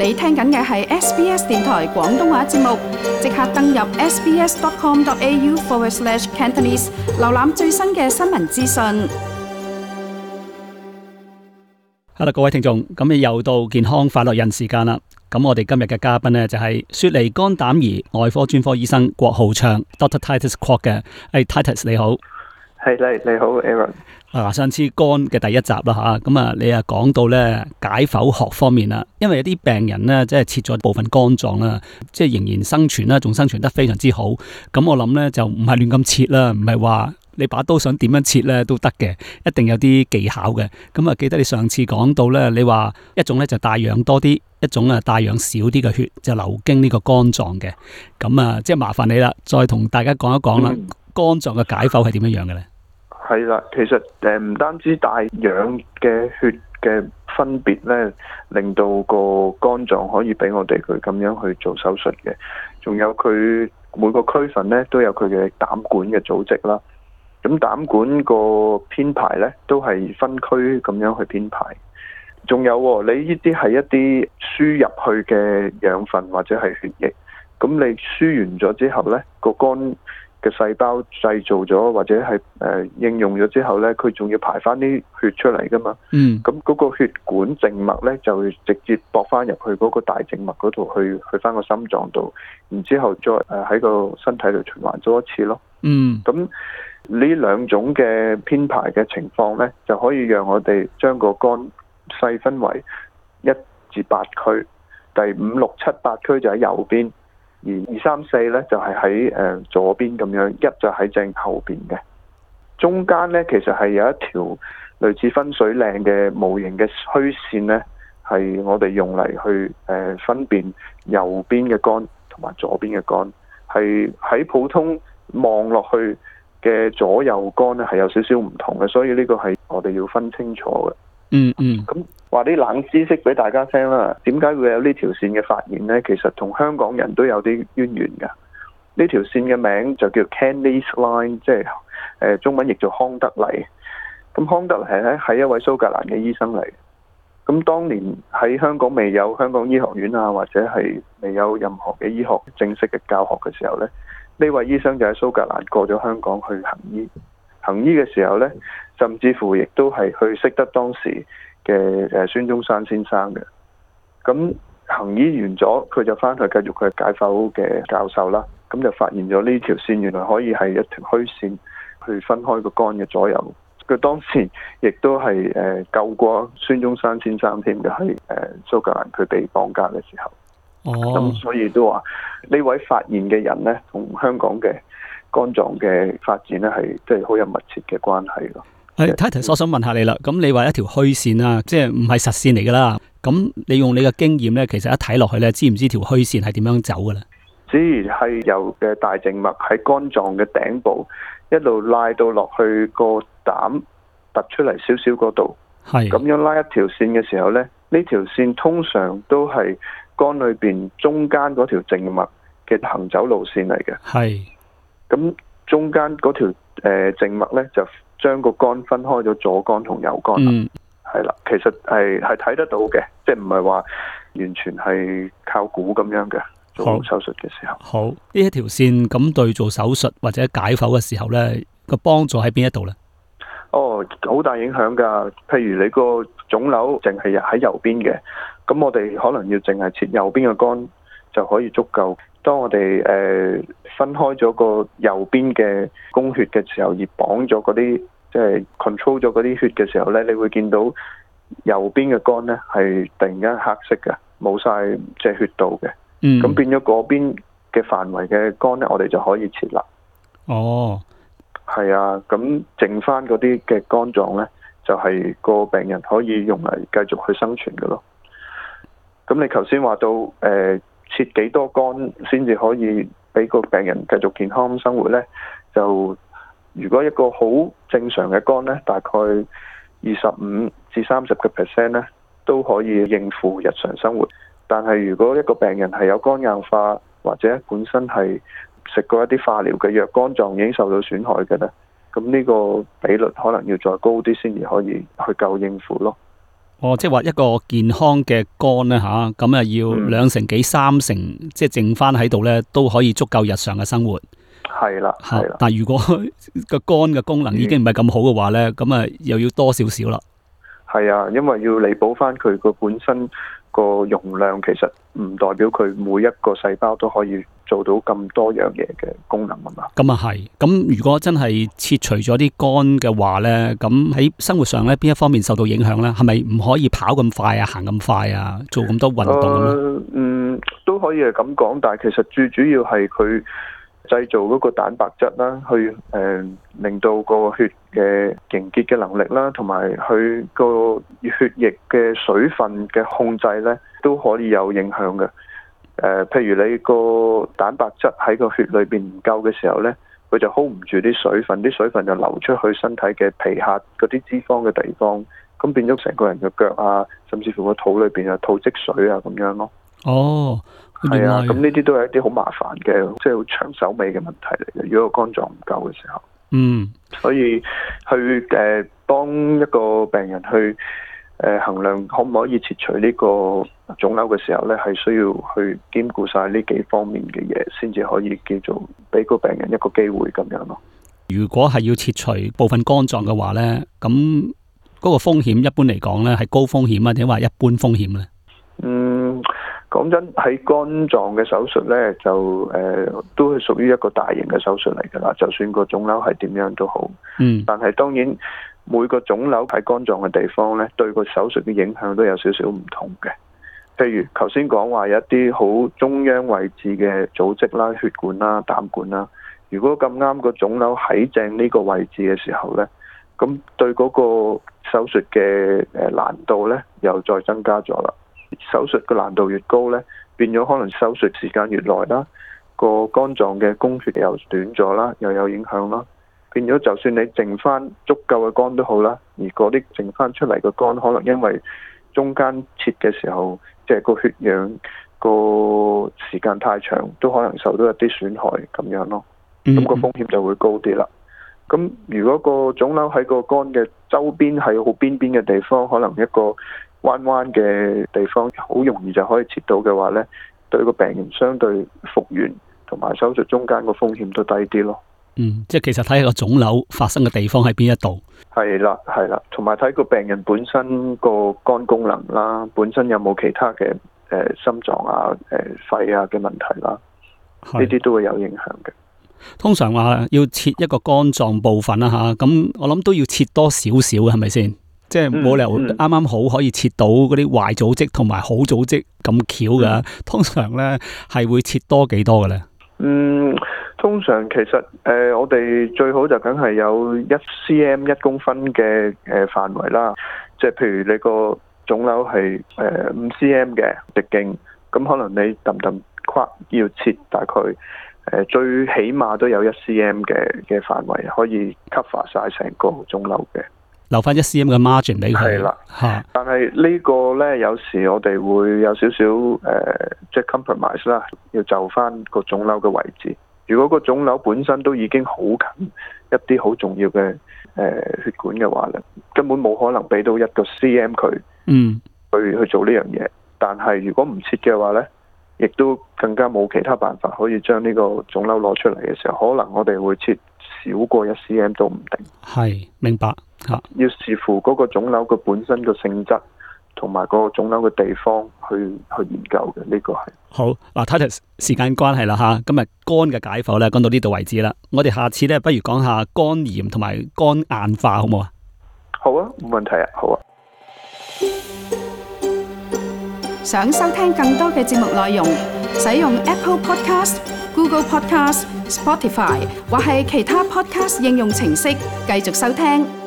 你聽緊嘅係 SBS 電台廣東話節目，即刻登入 sbs.com.au/cantonese an 瀏覽最新嘅新聞資訊。Hello 各位聽眾，咁你又到健康快樂人時間啦。咁我哋今日嘅嘉賓呢，就係、是、雪梨肝膽兒外科專科醫生郭浩翔 Doctor Titus Croc 嘅，係 Titus、er. hey, Tit 你好，係你你好 Aaron。嗱，上次肝嘅第一集啦吓，咁啊，你啊講到咧解剖學方面啦，因為有啲病人咧，即係切咗部分肝臟啦，即係仍然生存啦，仲生存得非常之好。咁、嗯、我諗咧就唔係亂咁切啦，唔係話你把刀想點樣切咧都得嘅，一定有啲技巧嘅。咁、嗯、啊，記得你上次講到咧，你話一種咧就帶氧多啲，一種啊帶氧少啲嘅血就流經呢個肝臟嘅。咁、嗯、啊，即係麻煩你啦，再同大家講一講啦，嗯、肝臟嘅解剖係點樣樣嘅咧？係啦，其實誒唔單止帶氧嘅血嘅分別咧，令到個肝臟可以俾我哋佢咁樣去做手術嘅，仲有佢每個區份咧都有佢嘅膽管嘅組織啦。咁膽管個編排咧都係分區咁樣去編排。仲有、哦、你呢啲係一啲輸入去嘅養分或者係血液，咁你輸完咗之後咧、個肝嘅細胞製造咗或者係誒、呃、應用咗之後呢，佢仲要排翻啲血出嚟㗎嘛？Mm. 嗯，咁、那、嗰個血管靜脈呢，就會直接駁翻入去嗰個大靜脈嗰度去去翻個心臟度，然之後再誒喺、呃、個身體度循環咗一次咯。Mm. 嗯，咁呢兩種嘅編排嘅情況呢，就可以讓我哋將個肝細分為一至八區，第五六七八區就喺右邊。而二三四咧就係喺誒左邊咁樣，一就喺正後邊嘅，中間咧其實係有一條類似分水嶺嘅無形嘅虛線咧，係我哋用嚟去誒、呃、分辨右邊嘅肝同埋左邊嘅肝，係喺普通望落去嘅左右肝咧係有少少唔同嘅，所以呢個係我哋要分清楚嘅。嗯嗯。咁話啲冷知識俾大家聽啦。點解會有呢條線嘅發現呢？其實同香港人都有啲淵源㗎。呢條線嘅名就叫 Cantlie Line，即係誒、呃、中文譯做康德黎。咁康德黎咧係一位蘇格蘭嘅醫生嚟。咁當年喺香港未有香港醫學院啊，或者係未有任何嘅醫學正式嘅教學嘅時候呢，呢位醫生就喺蘇格蘭過咗香港去行醫。行醫嘅時候呢，甚至乎亦都係去識得當時嘅誒，孫中山先生嘅。咁行醫完咗，佢就翻去繼續佢解剖嘅教授啦。咁就發現咗呢條線，原來可以係一條虛線去分開個肝嘅左右。佢當時亦都係誒救過孫中山先生添嘅，係誒蘇格蘭佢被綁架嘅時候。咁、哦哦、所以都話呢位發現嘅人咧，同香港嘅肝臟嘅發展咧，係即係好有密切嘅關係咯。睇頭，我想問下你啦。咁你話一條虛線啊，即係唔係實線嚟噶啦？咁你用你嘅經驗咧，其實一睇落去咧，知唔知條虛線係點樣走噶啦？只係由嘅大靜脈喺肝臟嘅頂部一路拉到落去個膽突出嚟少少嗰度，係咁是樣拉一條線嘅時候咧，呢條線通常都係肝裏邊中間嗰條靜脈嘅行走路線嚟嘅。係咁是中間嗰條誒、呃、靜脈咧就。將個肝分開咗左肝同右肝，嗯，係啦，其實係係睇得到嘅，即係唔係話完全係靠估咁樣嘅，做手術嘅時候。好，呢一條線咁對做手術或者解剖嘅時候呢，個幫助喺邊一度呢？哦，好大影響噶。譬如你個腫瘤淨係喺右邊嘅，咁我哋可能要淨係切右邊嘅肝就可以足夠。當我哋誒、呃、分開咗個右邊嘅供血嘅時候，而綁咗嗰啲即係 control 咗嗰啲血嘅時候咧，你會見到右邊嘅肝咧係突然間黑色嘅，冇晒即係血道嘅。嗯，咁變咗嗰邊嘅範圍嘅肝咧，我哋就可以切除。哦，係啊，咁剩翻嗰啲嘅肝臟咧，就係、是、個病人可以用嚟繼續去生存噶咯。咁你頭先話到誒。呃切幾多肝先至可以俾個病人繼續健康生活呢？就如果一個好正常嘅肝呢，大概二十五至三十個 percent 呢都可以應付日常生活。但係如果一個病人係有肝硬化或者本身係食過一啲化療嘅藥，肝臟已經受到損害嘅呢，咁呢個比率可能要再高啲先至可以去夠應付咯。哦，即係話一個健康嘅肝咧，吓，咁啊，要兩成幾三成，嗯、即係剩翻喺度咧，都可以足夠日常嘅生活。係啦，係啦。但係如果個肝嘅功能已經唔係咁好嘅話咧，咁啊、嗯、又要多少少啦。係啊，因為要彌補翻佢個本身個容量，其實唔代表佢每一個細胞都可以。做到咁多樣嘢嘅功能啊嘛，咁啊係。咁如果真係切除咗啲肝嘅話咧，咁喺生活上咧邊一方面受到影響咧？係咪唔可以跑咁快啊，行咁快啊，做咁多運動咧，嗯？嗯，都可以係咁講，但係其實最主要係佢製造嗰個蛋白質啦，去誒，呃、令到個血嘅凝結嘅能力啦，同埋佢個血液嘅水分嘅控制咧，都可以有影響嘅。誒、呃，譬如你個蛋白質喺個血裏邊唔夠嘅時候呢，佢就 hold 唔住啲水分，啲水分就流出去身體嘅皮下嗰啲脂肪嘅地方，咁變咗成個人嘅腳啊，甚至乎個肚裏邊啊，肚積水啊，咁樣咯。哦，係啊，咁呢啲都係一啲好麻煩嘅，即係好長手尾嘅問題嚟嘅。如果個肝臟唔夠嘅時候，嗯，所以去誒幫、呃、一個病人去。誒、呃、衡量可唔可以切除呢個腫瘤嘅時候咧，係需要去兼顧晒呢幾方面嘅嘢，先至可以叫做俾個病人一個機會咁樣咯。如果係要切除部分肝臟嘅話咧，咁嗰個風險一般嚟講咧係高風險啊，定係話一般風險咧？嗯，講真喺肝臟嘅手術咧，就誒、呃、都係屬於一個大型嘅手術嚟㗎啦。就算個腫瘤係點樣都好，嗯，但係當然。每個腫瘤喺肝臟嘅地方咧，對個手術嘅影響都有少少唔同嘅。譬如頭先講話有一啲好中央位置嘅組織啦、血管啦、膽管啦，如果咁啱個腫瘤喺正呢個位置嘅時候咧，咁對嗰個手術嘅誒難度咧又再增加咗啦。手術嘅難度越高咧，變咗可能手術時間越耐啦，個肝臟嘅供血又短咗啦，又有影響啦。變咗，就算你剩翻足夠嘅肝都好啦，而嗰啲剩翻出嚟嘅肝，可能因為中間切嘅時候，即係個血氧個時間太長，都可能受到一啲損害咁樣咯。咁個風險就會高啲啦。咁如果個腫瘤喺個肝嘅周邊，喺好邊邊嘅地方，可能一個彎彎嘅地方，好容易就可以切到嘅話，呢對個病人相對復原同埋手術中間個風險都低啲咯。嗯，即係其實睇下個腫瘤發生嘅地方喺邊一度，係啦，係啦，同埋睇個病人本身個肝功能啦，本身有冇其他嘅誒、呃、心臟啊誒、呃、肺啊嘅問題啦，呢啲都會有影響嘅。通常話要切一個肝臟部分啦吓，咁、啊、我諗都要切多少少係咪先？即係冇理由啱啱好可以切到嗰啲壞組織同埋好組織咁巧噶。嗯、通常咧係會切多幾多嘅咧。嗯。通常其實誒、呃、我哋最好就梗係有一 cm 一公分嘅誒範圍啦，即係譬如你個腫瘤係誒五 cm 嘅直徑，咁可能你揼揼框要切大概誒、呃、最起碼都有一 cm 嘅嘅範圍可以 cover 晒成個腫瘤嘅，留翻一 cm 嘅 margin 俾佢。係啦的，嚇的！但係呢個咧有時我哋會有少少誒即係 compromise 啦，要就翻個腫瘤嘅位置。如果個腫瘤本身都已經好近一啲好重要嘅誒、呃、血管嘅話咧，根本冇可能俾到一個 CM 佢，嗯，去去做呢樣嘢。但係如果唔切嘅話咧，亦都更加冇其他辦法可以將呢個腫瘤攞出嚟嘅時候，可能我哋會切少過一 CM 都唔定。係，明白嚇，啊、要視乎嗰個腫瘤嘅本身嘅性質。同埋個腫瘤嘅地方去去研究嘅呢，這個係好嗱。睇睇時間關係啦吓，今日肝嘅解剖咧，講到呢度為止啦。我哋下次咧，不如講下肝炎同埋肝硬化好唔好？好啊。好啊，冇問題啊，好啊。想收聽更多嘅節目內容，使用 Apple Podcast、Google Podcast、Spotify 或係其他 Podcast 應用程式繼續收聽。